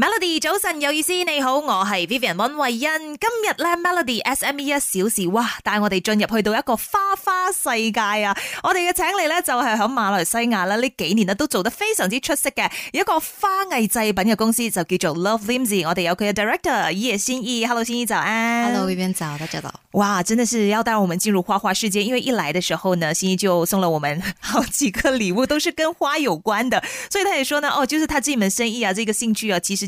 Melody 早晨有意思，你好，我係 Vivian 溫慧欣。今日咧 Melody S M E 一小時，哇，帶我哋進入去到一個花花世界啊！我哋嘅請你咧，就係、是、響馬來西亞啦，呢幾年咧都做得非常之出色嘅一個花藝製品嘅公司，就叫做 Love Lim‘s。我哋有佢嘅 director 葉心怡，Hello 心怡早啊。Hello Vivian 早，大家早。哇，真的是要帶我們進入花花世界，因為一來嘅時候呢，心怡就送了我們好幾個禮物，都是跟花有關的，所以佢也說呢，哦，就是佢呢門生意啊，這個興趣啊，其實。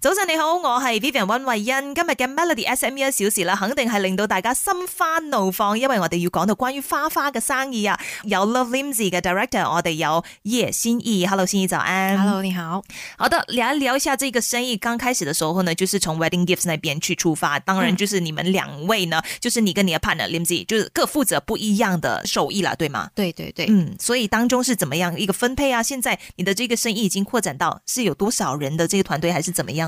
早晨你好，我係 Vivian 溫慧欣，今日嘅 Melody S M E 一小時啦，肯定係令到大家心花怒放，因為我哋要講到關於花花嘅生意啊。有 Love Limsy 嘅 director，我哋有葉心意。Hello 心意早安，Hello 你好，好的，來聊，聊一下這個生意。剛開始的時候呢，就是從 Wedding Gifts 那邊去出發，當然就是你們兩位呢，嗯、就是你跟你的 partner Limsy 就是各負責不一樣的手藝啦，對嗎？對對對，嗯，所以當中是怎麼樣一個分配啊？現在你的這個生意已經擴展到，是有多少人的這個團隊，還是怎麼樣？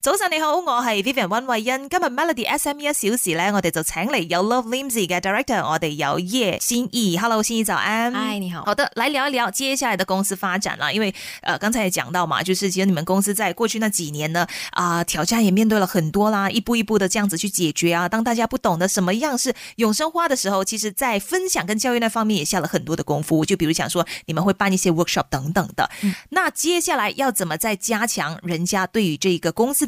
早上你好，我係 Vivian w a 溫慧欣。今日 Melody SME 一小時咧，我哋就請嚟有 Love Limzy 嘅 Director，我哋有 Ye 先意。Hello，先意早安。哎，你好。好的，來聊一聊接下來的公司發展啦。因為，呃，剛才也講到嘛，就是其實你們公司在過去那幾年呢，啊、呃，挑戰也面對了很多啦，一步一步的這樣子去解決啊。當大家不懂得什麼樣是永生花的時候，其實，在分享跟教育那方面也下了很多的功夫。就比如講說，你們會辦一些 workshop 等等的。嗯、那接下來要怎麼再加強人家對於這個公司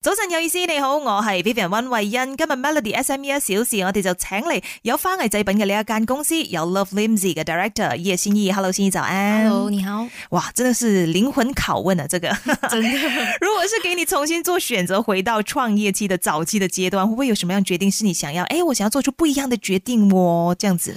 早晨有意思，你好，我係 Vivian 溫慧欣。今日 Melody SME s 小時，我哋就請嚟有花藝製品嘅呢一間公司，有 Love Limzy 嘅 Director 葉新意 Hello，新意，早安。Hello，你好。哇，真的是靈魂拷問啊！這個，真 如果是給你重新做選擇，回到創業期的早期的階段，會唔會有什麼樣決定是你想要？誒、欸，我想要做出不一樣的決定哦，這樣子。